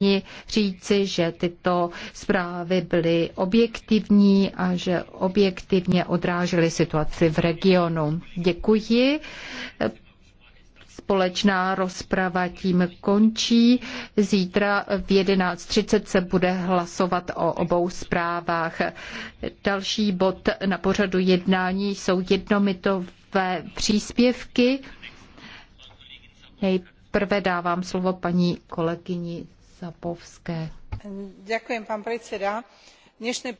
schopni říci, že tyto zprávy byly objektivní a že objektivně odrážely situaci v regionu. Děkuji. Společná rozprava tím končí. Zítra v 11.30 se bude hlasovat o obou zprávách. Další bod na pořadu jednání jsou jednomitové příspěvky. Nejprve dávám slovo paní kolegyni Děkuji, pan předseda.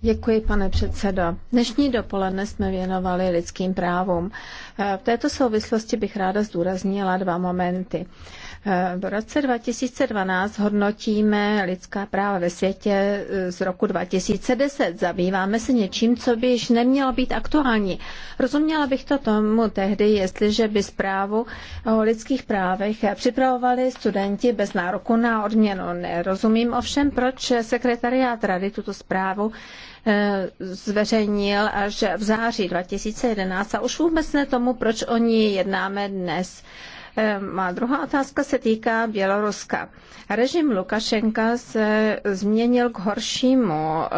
Děkuji, pane předsedo. Dnešní dopoledne jsme věnovali lidským právům. V této souvislosti bych ráda zdůraznila dva momenty. V roce 2012 hodnotíme lidská práva ve světě e, z roku 2010. Zabýváme se něčím, co by již nemělo být aktuální. Rozuměla bych to tomu tehdy, jestliže by zprávu o lidských právech připravovali studenti bez nároku na odměnu. Nerozumím ovšem, proč sekretariát rady tuto zprávu e, zveřejnil až v září 2011 a už vůbec ne tomu, proč o ní jednáme dnes. Eh, má druhá otázka se týká Běloruska. Režim Lukašenka se změnil k horšímu, eh,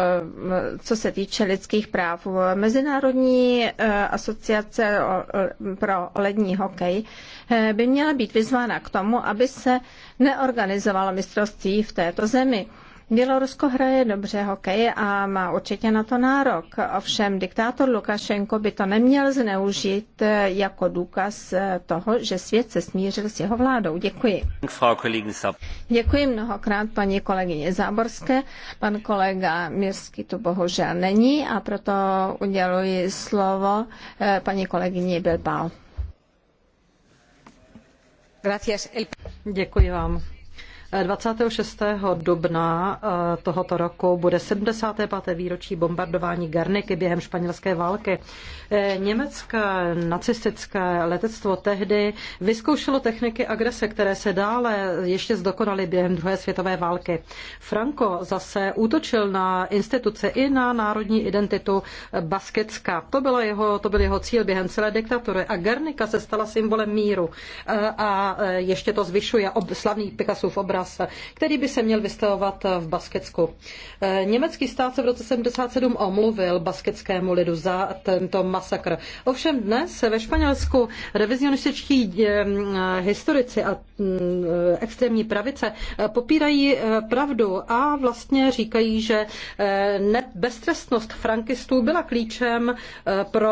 co se týče lidských práv. Mezinárodní eh, asociace pro lední hokej by měla být vyzvána k tomu, aby se neorganizovalo mistrovství v této zemi. Bělorusko hraje dobře hokej a má určitě na to nárok. Ovšem diktátor Lukašenko by to neměl zneužít eh, jako důkaz eh, toho, že svět se smířil s jeho vládou. Děkuji. Děkuji mnohokrát paní kolegyně Záborské. Pan kolega Mirsky tu bohužel není a proto uděluji slovo eh, paní kolegyni Bilbao. Děkuji vám 26. dubna eh, tohoto roku bude 75. výročí bombardování Garniky během španělské války. Eh, německé nacistické letectvo tehdy vyzkoušelo techniky agrese, které se dále ještě zdokonaly během druhé světové války. Franco zase útočil na instituce i na národní identitu Baskecka. To, bylo jeho, to byl jeho cíl během celé diktatury a Garnika se stala symbolem míru. Eh, a ještě to zvyšuje slavný Picassův obraz výraz, který by se měl vystavovat v Basketsku. Německý stát se v roce 77 omluvil basketskému lidu za tento masakr. Ovšem dnes ve Španělsku revizionističtí eh, historici a eh, extrémní pravice eh, popírají pravdu a vlastně říkají, že beztrestnost frankistů byla klíčem pro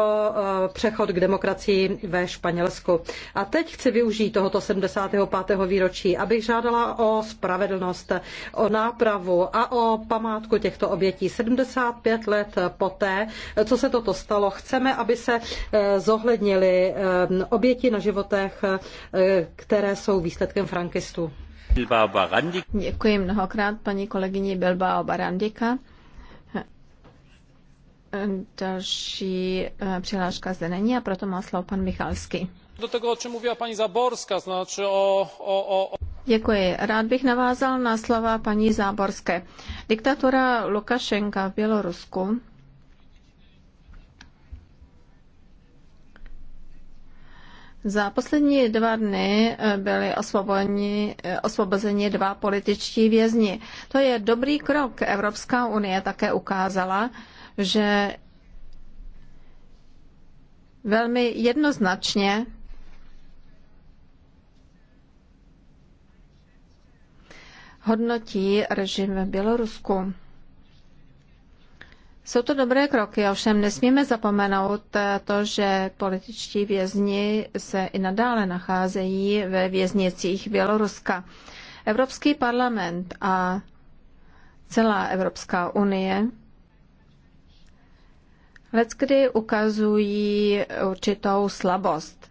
přechod k demokracii ve Španělsku. A teď chci využít tohoto 75. výročí, abych žádala o o spravedlnost, o nápravu a o památku těchto obětí. 75 let poté, co se toto stalo, chceme, aby se eh, zohlednili eh, oběti na životech, eh, které jsou výsledkem frankistu. Děkuji mnohokrát paní kolegyni Bilbao Barandika. Další přihláška zde není a proto má slovo pan Michalský do tego, o czym mówiła pani Zaborska, znaczy o... o, o... Děkuji. Rád bych navázal na slova paní Záborské. Diktatura Lukašenka v Bělorusku Za poslední dva dny eh, byli osvobozeni, eh, osvobozeni dva političtí vězni. To je dobrý krok. Evropská unie také ukázala, že velmi jednoznačně hodnotí režim v Bělorusku. Jsou to dobré kroky, ovšem nesmíme zapomenout to, že političtí vězni se i nadále nacházejí ve věznicích Běloruska. Evropský parlament a celá Evropská unie leckdy ukazují určitou slabost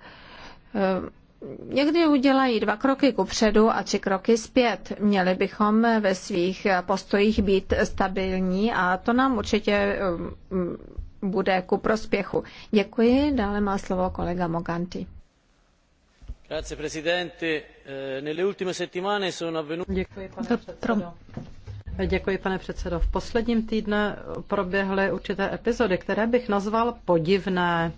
někdy udělají dva kroky kupředu a tři kroky zpět. Měli bychom ve svých postojích být stabilní a to nám určitě um, bude ku prospěchu. Děkuji. Dále má slovo kolega Moganti. Eh, Děkuji, pane předsedo. V posledním týdnu proběhly určité epizody, které bych nazval podivné.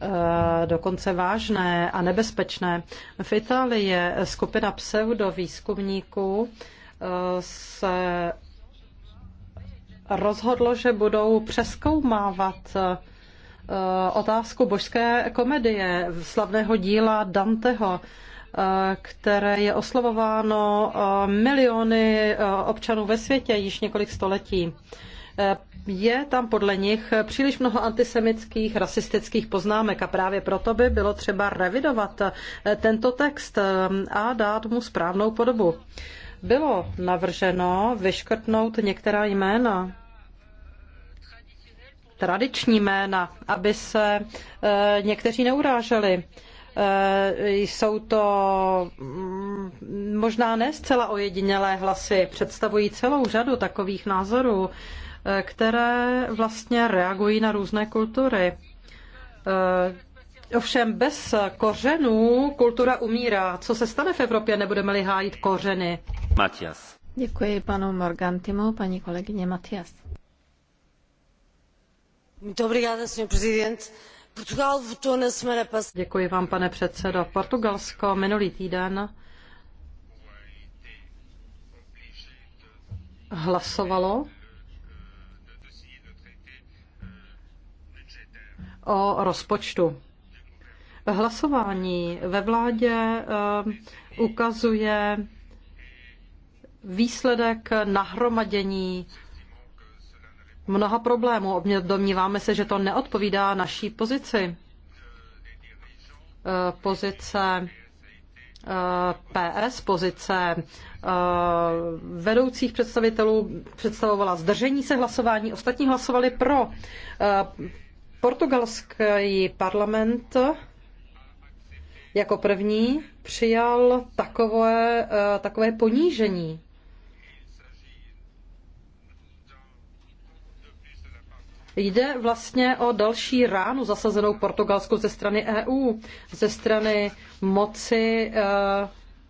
Eh, dokonce vážné a nebezpečné. V Itálii je skupina pseudovýzkumníků eh, se rozhodlo, že budou přeskoumávat eh, otázku božské komedie, slavného díla Danteho, které je oslovováno miliony občanů ve světě již několik století je tam podle nich příliš mnoho antisemitských, rasistických poznámek a právě proto by bylo třeba revidovat eh, tento text eh, a dát mu správnou podobu. Bylo navrženo vyškrtnout některá jména tradiční jména, aby se eh, někteří neuráželi. Jsou to mm, možná ne zcela ojedinělé hlasy, představují celou řadu takových názorů které vlastně reagují na různé kultury. Eh, ovšem bez kořenů kultura umírá. Co se stane v Evropě, nebudeme-li hájit kořeny? Matias. Děkuji panu Morgantimu, paní kolegyně Matias. Děkuji vám, pane předsedo. Portugalsko minulý týden hlasovalo o rozpočtu. Hlasování ve vládě eh, ukazuje výsledek nahromadění mnoha problémů. Domníváme se, že to neodpovídá naší pozici. Eh, pozice eh, PS, pozice vedoucích představitelů představovala zdržení se hlasování, ostatní hlasovali pro. Portugalský parlament jako první přijal takové, eh, takové ponížení. Jde vlastně o další ránu zasazenou Portugalsku ze strany EU, ze strany moci eh,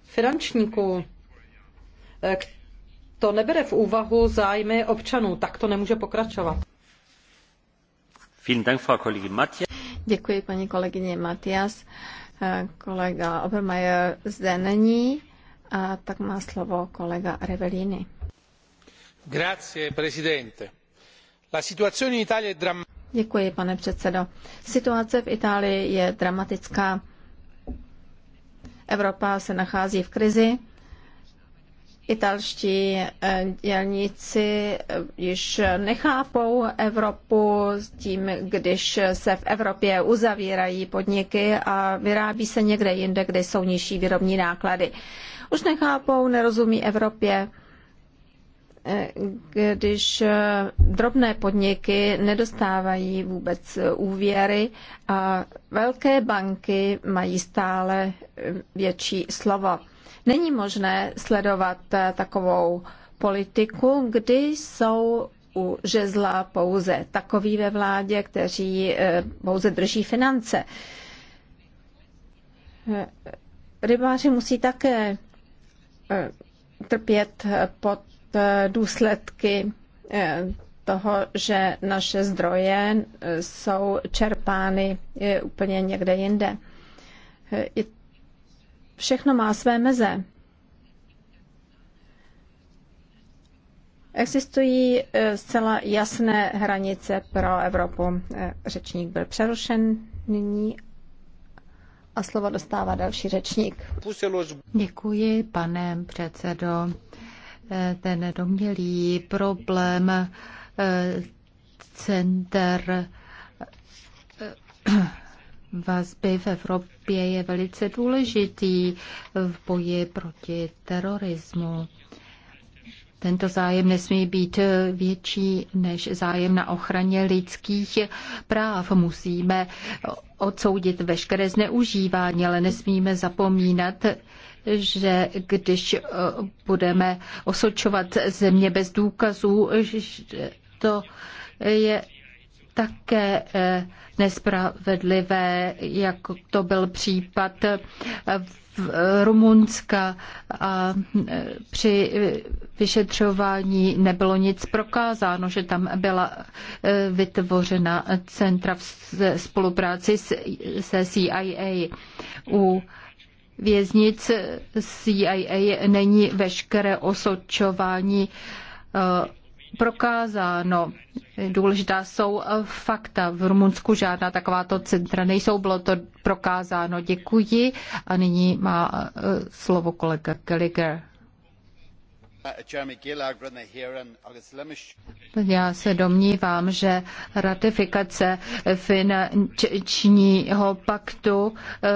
finančníků. Eh, to nebere v úvahu zájmy občanů. Tak to nemůže pokračovat. Děkuji paní kolegyně Matias. Eh, kolega Obermeier zde není, a tak má slovo kolega Revelini. Děkuji, pane předsedo. Situace v Itálii je dramatická. Evropa se nachází v krizi italští eh, dělníci eh, již nechápou Evropu tím, když se v Evropě uzavírají podniky a vyrábí se někde jinde, kde jsou nižší výrobní náklady. Už nechápou, nerozumí Evropě eh, když drobné podniky nedostávají vůbec úvěry a velké banky mají stále větší slovo. Není možné sledovat eh, takovou politiku, kdy jsou u žezla pouze takoví ve vládě, kteří eh, pouze drží finance. Eh, rybáři musí také trpět pod důsledky toho, že naše zdroje jsou čerpány úplně někde jinde. Je všechno má své meze. Existují e, zcela jasné hranice pro Evropu. E, řečník byl přerušen nyní a slovo dostává další řečník. Děkuji, pane předsedo. E, ten domělý problém center vazby v Evropě je velice důležitý v boji proti terorismu. Tento zájem nesmí být větší než zájem na ochraně lidských práv. Musíme odsoudit veškeré zneužívání, ale nesmíme zapomínat, že když budeme osočovat země bez důkazů, že to je také eh, nespravedlivé, jako to byl případ eh, v eh, Rumunska a při vyšetřování nebylo nic prokázáno, že tam byla vytvořena centra v spolupráci se CIA. U věznic CIA není veškeré osočování prokázáno. Důležitá jsou fakta. V Rumunsku žádná takováto centra nejsou, bylo to prokázáno. Děkuji. A nyní má eh, slovo kolega Gallagher. Já se domnívám, že ratifikace finančního paktu eh,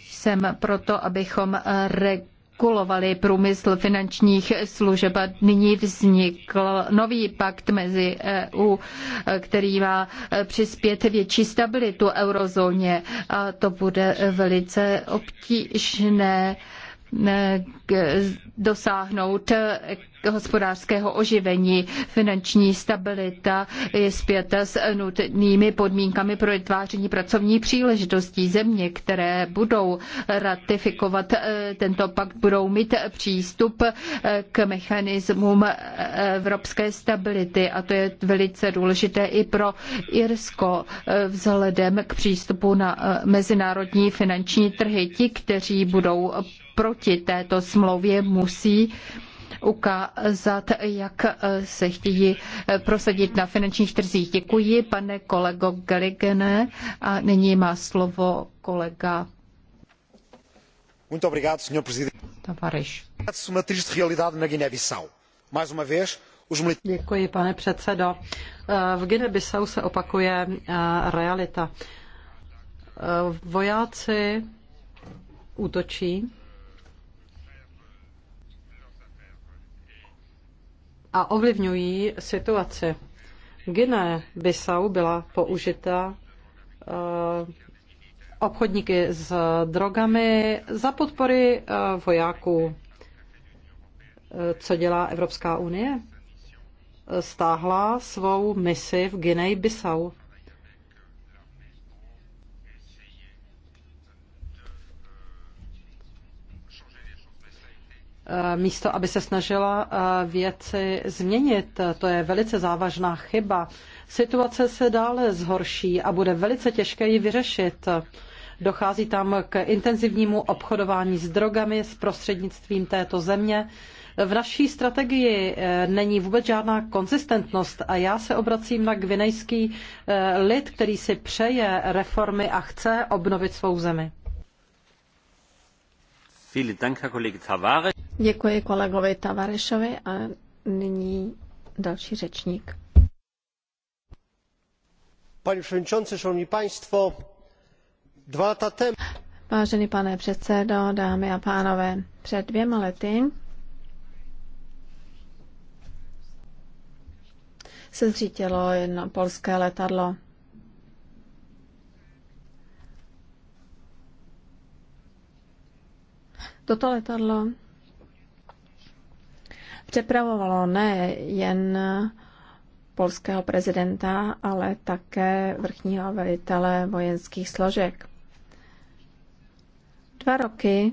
Jsem proto, abychom regulovali průmysl finančních služeb a nyní vznikl nový pakt mezi EU, který má přispět větší stabilitu eurozóně a to bude velice obtížné eh, dosáhnout hospodářského oživení. Finanční stabilita je zpěta s nutnými podmínkami pro vytváření pracovní příležitostí. Země, které budou ratifikovat eh, tento pakt, budou mít přístup eh, k mechanismům eh, evropské stability a to je velice důležité i pro Irsko vzhledem k přístupu na mezinárodní finanční trhy. Ti, kteří budou proti této smlouvě, musí ukázat, jak eh, se chtějí eh, prosadit na finančních trzích. Děkuji, pane kolego Geligene. A nyní má slovo kolega Muito obrigado, Sr. Presidente. Tavares. na bissau Děkuji, pane předsedo. Eh, v Guinea-Bissau se opakuje realita. Vojáci útočí a ovlivňují situaci. Gine Bissau byla použita eh, obchodníky s drogami za podpory eh, vojáků. Eh, co dělá Evropská unie? Stáhla svou misi v guinea Bissau. Eh, místo aby se snažila eh, věci změnit. To je velice závažná chyba. Situace se dále zhorší a bude velice těžké ji vyřešit. Dochází tam k intenzivnímu obchodování s drogami s prostřednictvím této země. V naší strategii eh, není vůbec žádná konzistentnost a já se obracím na gvinejský lid, který si přeje reformy a chce obnovit svou zemi. Děkuji kolegovi Tavarešovi a nyní další řečník. Panie przewodniczący, szanowni państwo, dwa lata temu. Vážený pane předsedo, dámy a pánové, před dvěma lety se zřítilo jedno polské letadlo Toto letadlo přepravovalo ne jen polského prezidenta, ale také vrchního velitele vojenských složek. Dva roky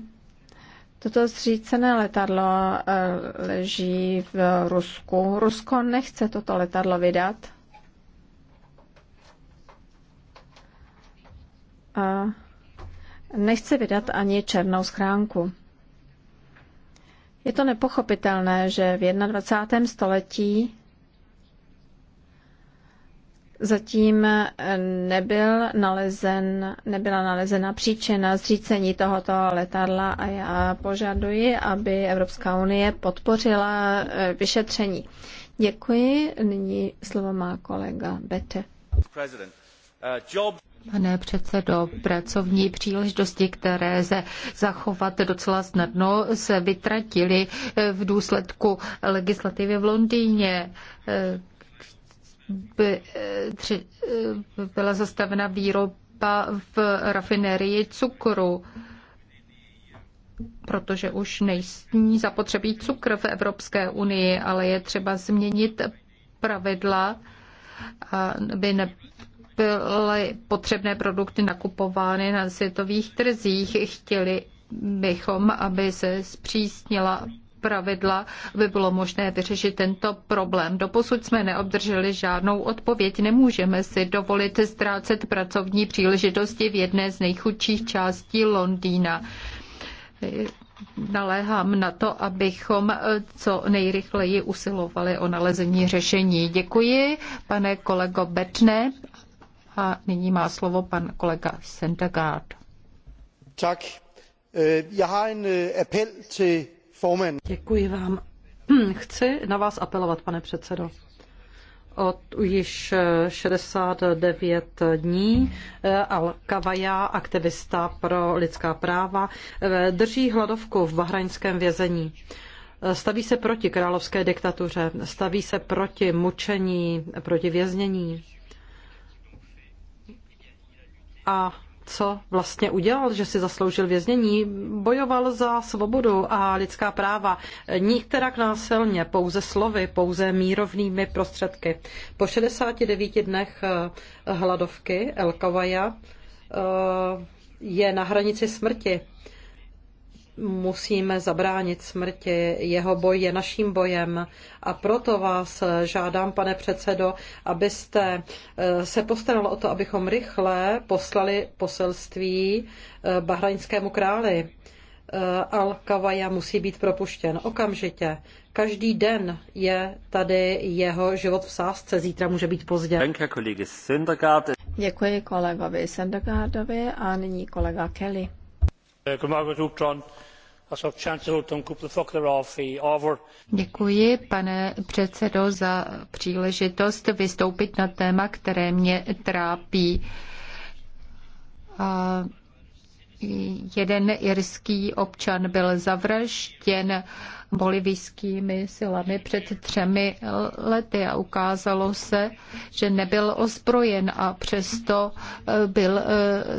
Toto zřícené letadlo eh, leží v Rusku. Rusko nechce toto letadlo vydat. A nechce vydat ani černou schránku. Je to nepochopitelné, že v 21. století zatím nebyl nalezen, nebyla nalezena příčina zřícení tohoto letadla a já požaduji, aby Evropská unie podpořila eh, vyšetření. Děkuji. Nyní slovo má kolega Bete. Uh, job... Pane předsedo, pracovní příležitosti, které se zachovat docela snadno, se vytratily v důsledku legislativy v Londýně by, tři, byla zastavena výroba v rafinerii cukru, protože už nejsní zapotřebí cukr v Evropské unii, ale je třeba změnit pravidla, aby ne, byly potřebné produkty nakupovány na světových trzích. Chtěli bychom, aby se zpřísnila pravidla, aby bylo možné vyřešit tento problém. Doposud jsme neobdrželi žádnou odpověď. Nemůžeme si dovolit ztrácet pracovní příležitosti v jedné z nejchudších částí Londýna. Naléhám na to, abychom co nejrychleji usilovali o nalezení řešení. Děkuji, pane kolego Betne. A nyní má slovo pan kolega Sendagard. Tak. Eh, Já eh, Děkuji vám. Chci na vás apelovat, pane předsedo od již 69 eh, dní Al-Kavaja, aktivista pro lidská práva, drží hladovku v bahrajnském vězení. Staví se proti královské diktatuře, staví se proti mučení, proti věznění a co vlastně udělal, že si zasloužil věznění. Bojoval za svobodu a lidská práva. Nikterak násilně, pouze slovy, pouze mírovnými prostředky. Po 69 dnech eh, hladovky El Kavaja eh, je na hranici smrti musíme zabránit smrti. Jeho boj je naším bojem a proto vás žádám, pane předsedo, abyste eh, se postaral o to, abychom rychle poslali poselství eh, bahrajnskému králi. Eh, Al-Kawaja musí být propuštěn okamžitě. Každý den je tady jeho život v sázce, zítra může být pozdě. Děkuji kolegovi Sendergaardovi a nyní kolega Kelly. Děkuji, pane předsedo, za příležitost vystoupit na téma, které mě trápí jeden irský občan byl zavražděn bolivijskými silami před třemi lety a ukázalo se, že nebyl ozbrojen a přesto eh, byl eh,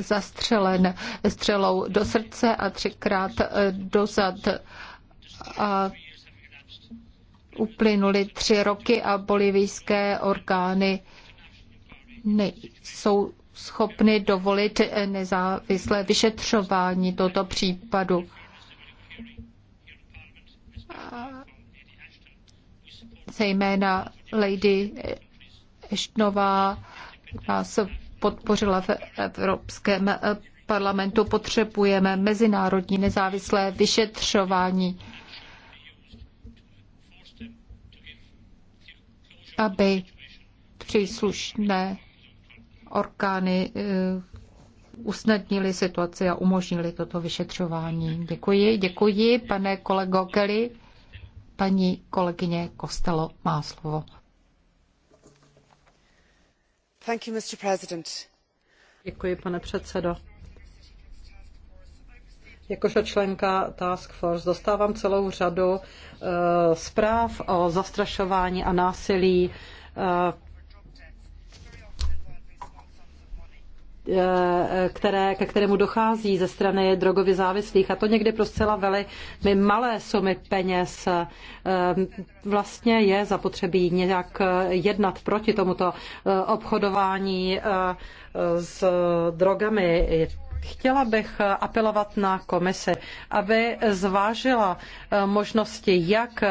zastřelen střelou do srdce a třikrát eh, do zad. A uplynuly tři roky a bolivijské orgány nejsou schopny dovolit nezávislé vyšetřování tohoto případu. Zejména Lady Eštnová nás podpořila v Evropském parlamentu. Potřebujeme mezinárodní nezávislé vyšetřování, aby příslušné orgány eh, usnadnili situaci a umožnili toto vyšetřování. Děkuji, děkuji, pane kolego Kelly. Paní kolegyně Kostelo má slovo. Thank you, Mr. President. Děkuji, pane předsedo. Jakožto členka Task Force dostávám celou řadu uh, zpráv o zastrašování a násilí uh, Eh, které, ke kterému dochází ze strany drogově závislých, a to někdy pro zcela my malé sumy peněz, eh, vlastně je zapotřebí nějak eh, jednat proti tomuto obchodování s drogami. Chtěla bych apelovat na komisi, aby zvážila eh, možnosti, jak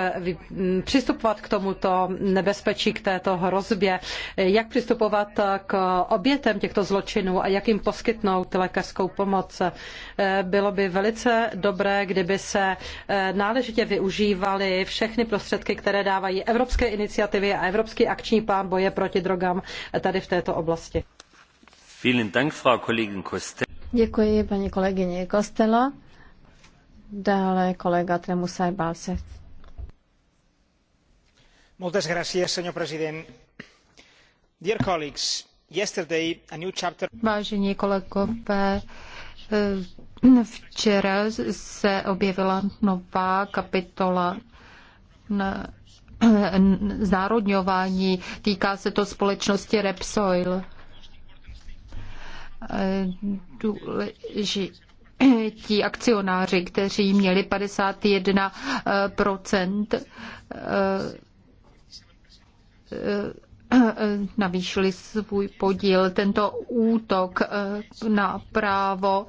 přistupovat k tomuto nebezpečí, k této hrozbě, eh, jak přistupovat eh, k obětem těchto zločinů a jak jim poskytnout lékařskou pomoc. Bylo by velice dobré, kdyby se náležitě využívaly všechny prostředky, které dávají evropské iniciativy a Evropský akční plán boje proti drogám tady v této oblasti. Vielen Dank, Frau Kollegin Kostel. Děkuji paní kolegyně Kostela. Dále kolega Tremusaj Balce. Moltes gracias, señor president. Dear colleagues, yesterday a new chapter... Vážení kolegové, eh, včera se objevila nová kapitola na eh, znárodňování. Týká se to společnosti Repsoil důležití akcionáři, kteří měli 51 navýšili svůj podíl. Tento útok na právo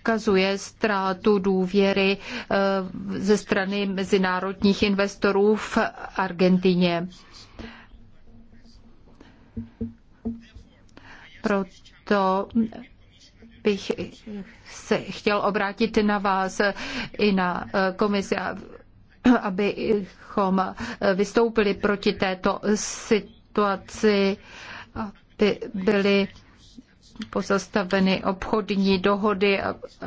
ukazuje ztrátu důvěry eh, ze strany mezinárodních investorů v Argentině proto bych se chtěl obrátit na vás i na eh, komisi, abychom eh, vystoupili proti této situaci, aby byly pozastaveny obchodní dohody,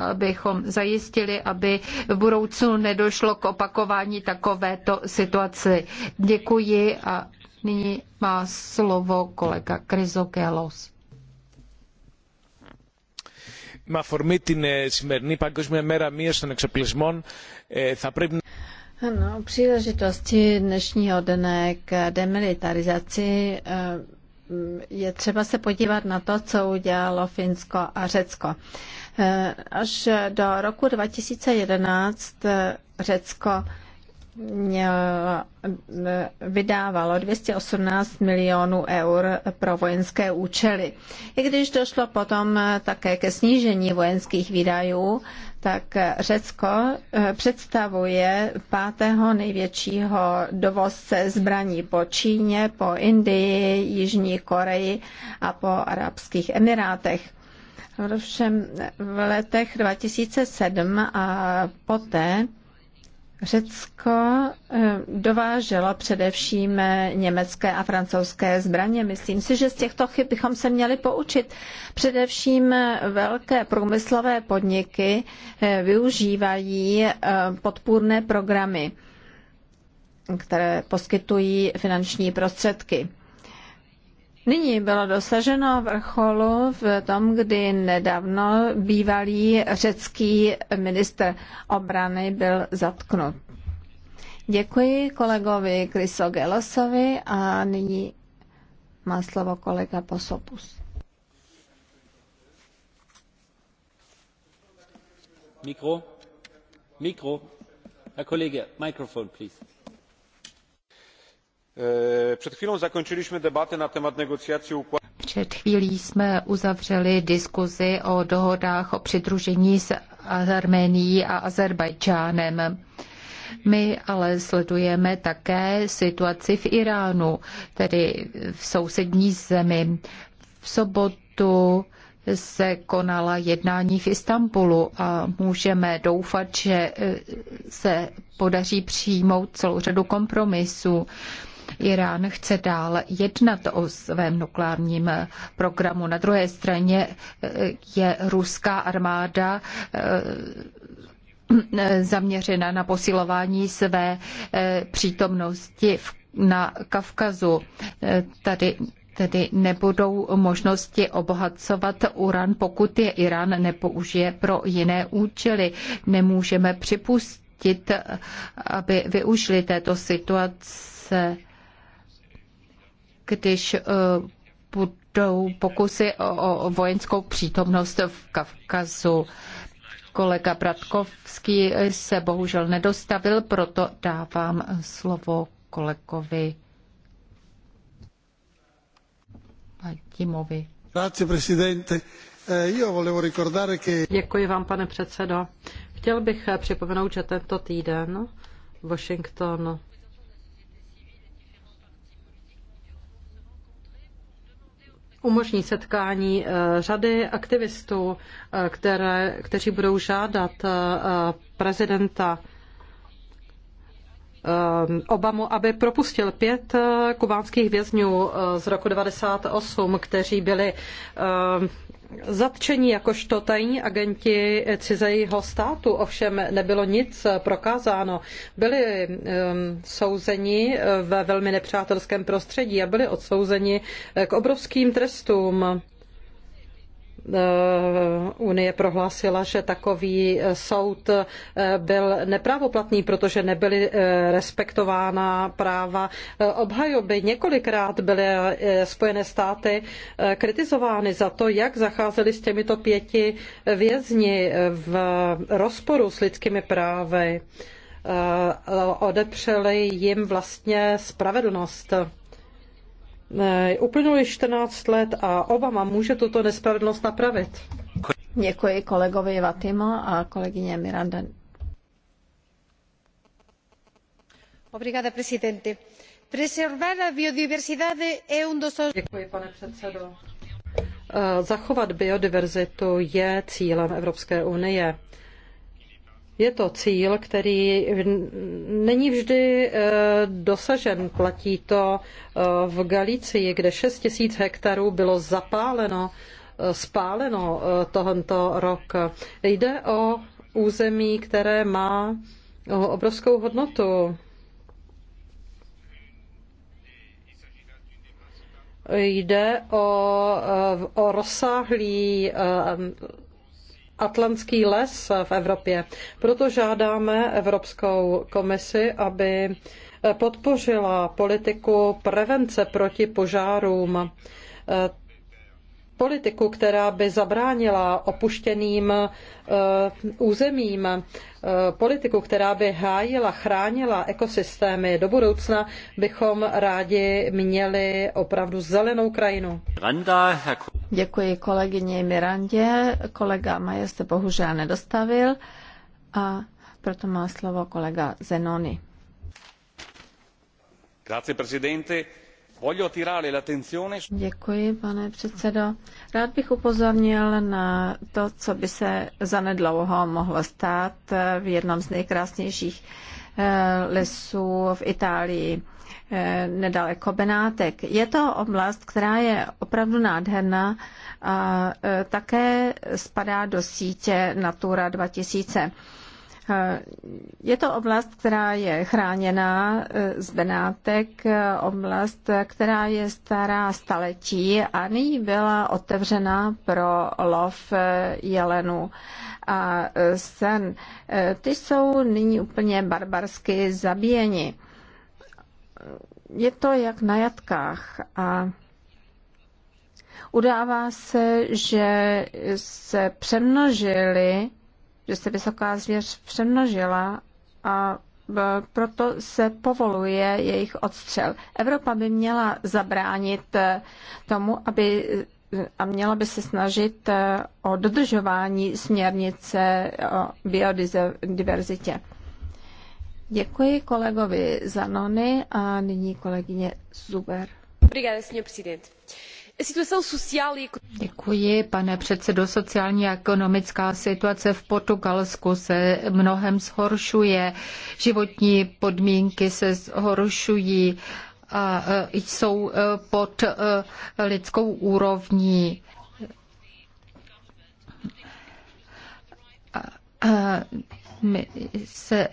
abychom zajistili, aby v budoucnu nedošlo k opakování takovéto situace. Děkuji a nyní má slovo kolega Kryzokelos με αφορμή την σημερινή Παγκόσμια Μέρα Μείωση των Εξοπλισμών θα πρέπει Ano, příležitosti dnešního dne k demilitarizaci eh, je třeba se podívat na to, co udělalo Finsko a Řecko. Eh, až do roku 2011 eh, Řecko vydávalo 218 milionů eur pro vojenské účely. I když došlo potom také ke snížení vojenských výdajů, tak Řecko eh, představuje pátého největšího dovozce zbraní po Číně, po Indii, Jižní Koreji a po Arabských Emirátech. V letech 2007 a poté Řecko eh, dováželo především eh, německé a francouzské zbraně. Myslím si, že z těchto chyb bychom se měli poučit. Především eh, velké průmyslové podniky využívají podpůrné programy, které poskytují finanční prostředky. Nyní bylo dosaženo vrcholu v tom, kdy nedávno bývalý řecký minister obrany byl zatknut. Děkuji kolegovi Krysogelosovi a nyní má slovo kolega Posopus. Mikro. Mikro. Herr Kollege, microphone please. Eh, před chvílí zakončiliśmy debatę na temat negocjacji układu. Před chvílí jsme uzavřeli diskuzi o dohodách o přidružení s Arménií a Azerbajdžánem. My ale sledujeme také situaci v Iránu, tedy v sousední zemi. V sobotu se konala jednání v Istanbulu a můžeme doufat, že eh, se podaří přijmout celou řadu kompromisů. Irán chce dál jednat o svém nukleárním programu. Na druhé straně eh, je ruská armáda eh, zaměřena na posilování své eh, přítomnosti na Kavkazu. Tady tedy nebudou možnosti obohacovat uran, pokud je Irán nepoužije pro jiné účely. Nemůžeme připustit, aby využili této situace když eh, budou pokusy o vojenskou přítomnost v Kavkazu. Kolega Bratkovský se bohužel nedostavil, proto dávám slovo kolegovi Timovi. Eh, Děkuji vám, pane předsedo. Chtěl bych připomenout, že tento týden Washington umožní setkání eh, řady aktivistů, eh, které, kteří budou žádat eh, prezidenta Obamu, aby propustil pět kubánských vězňů z roku 98, kteří byli zatčení jakožto tajní agenti cizího státu ovšem nebylo nic prokázáno. Byli um, souzeni ve velmi nepřátelském prostředí a byli odsouzeni k obrovským trestům Eh, Unie prohlásila, že takový eh, soud eh, byl nepravoplatný, protože nebyly respektována práva obhajoby. Několikrát byly Spojené státy kritizovány za to, jak zacházeli s těmito pěti vězni v rozporu s lidskými právy. Odepřeli jim vlastně spravedlnost. Eh, uplynulo 14 let a Obama může tuto nespravedlnost napravit. Děkuji kolegovi Vatimo a kolegyně Miranda. Obrigada, presidente. Preservar la biodiversidad es un dos... Děkuji, pane předsedo. Eh, zachovat biodiverzitu je cílem Evropské unie. Je to cíl, který není vždy eh, dosažen. Platí to eh, v Galicii, kde 6 tisíc hektarů bylo zapáleno, eh, spáleno tohoto rok. Jde o území, které má obrovskou hodnotu. Jde o, o rozsáhlý atlantský les v Evropě. Proto žádáme Evropskou komisi, aby podpořila politiku prevence proti požárům politiku, která by zabránila opuštěným eh, územím, eh, politiku, která by hájila, chránila ekosystémy do budoucna, bychom rádi měli opravdu zelenou krajinu. Děkuji kolegyně Mirandě. Kolega Majer se bohužel nedostavil a proto má slovo kolega Zenoni. Grazie, Děkuji, pane předsedo. Rád bych upozornil na to, co by se zanedlouho mohlo stát eh, v jednom z nejkrásnějších eh, lesů v Itálii eh, nedaleko Benátek. Je to oblast, která je opravdu nádherná a také spadá do sítě Natura 2000. Je to oblast, která je chráněná eh, z Benátek, eh, oblast, která je stará staletí a nyní byla otevřena pro lov eh, jelenů a sen. Ty jsou nyní úplně barbarsky zabíjeni. Je to jak na jatkách a udává se, že se přemnožili že se vysoká zvěř přemnožila a e, proto se povoluje jejich odstřel. Evropa by měla zabránit e, tomu, aby e, a měla by se snažit o dodržování směrnice o biodiverzitě. Děkuji kolegovi Zanony a nyní kolegyně Zuber. Obrigada, senhor presidente. Jako- Děkuji, pane předsedo. Sociální a ekonomická situace v Portugalsku se mnohem zhoršuje. Životní podmínky se zhoršují a e, jsou e, pod e, lidskou úrovní. A my se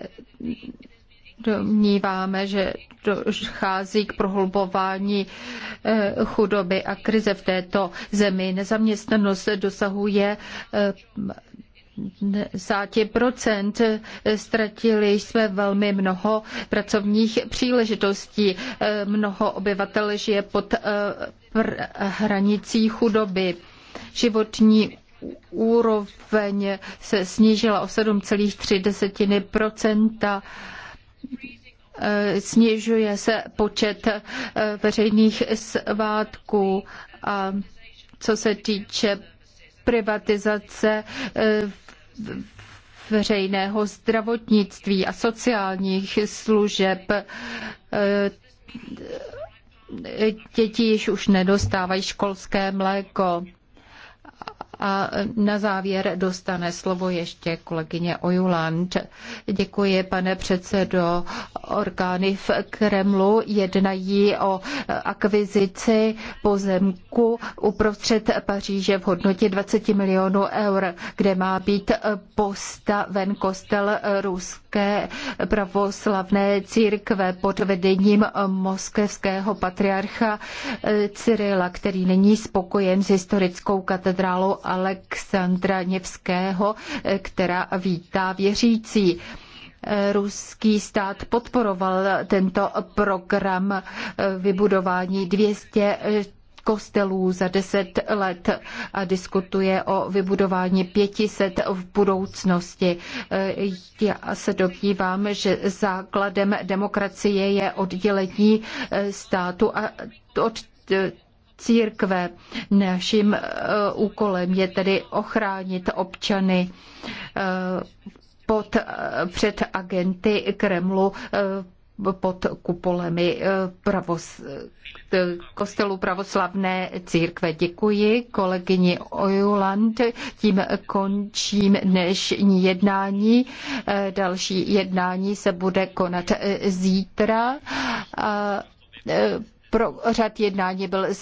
domníváme, že dochází k prohlubování eh, chudoby a krize v této zemi. Nezaměstnanost dosahuje eh, procent Ztratili jsme velmi mnoho pracovních příležitostí. Eh, mnoho obyvatel žije pod hranicí chudoby. Životní úroveň se snížila o 7,3 Eh, snižuje se počet eh, veřejných svátků a co se týče privatizace eh, veřejného zdravotnictví a sociálních služeb. Děti již už nedostávají školské mléko. A na závěr dostane slovo ještě kolegyně Ojuland. Děkuji, pane předsedo. Orgány v Kremlu jednají o akvizici pozemku uprostřed Paříže v hodnotě 20 milionů eur, kde má být postaven kostel Ruska ruské pravoslavné církve pod vedením moskevského patriarcha Cyrila, který není spokojen s historickou katedrálou Alexandra Něvského, která vítá věřící ruský stát podporoval tento program vybudování 200 kostelů za deset let a diskutuje o vybudování 500 v budoucnosti. Já se dobývám, že základem demokracie je oddělení státu a od církve. Naším eh, úkolem je tedy ochránit občany eh, pod, eh, před agenty Kremlu pod kupolemi eh, pravos, eh, kostelu pravoslavné církve. Děkuji kolegyni Ojuland. Tím končím dnešní jednání. Eh, další jednání se bude konat zítra. Pro řad jednání byl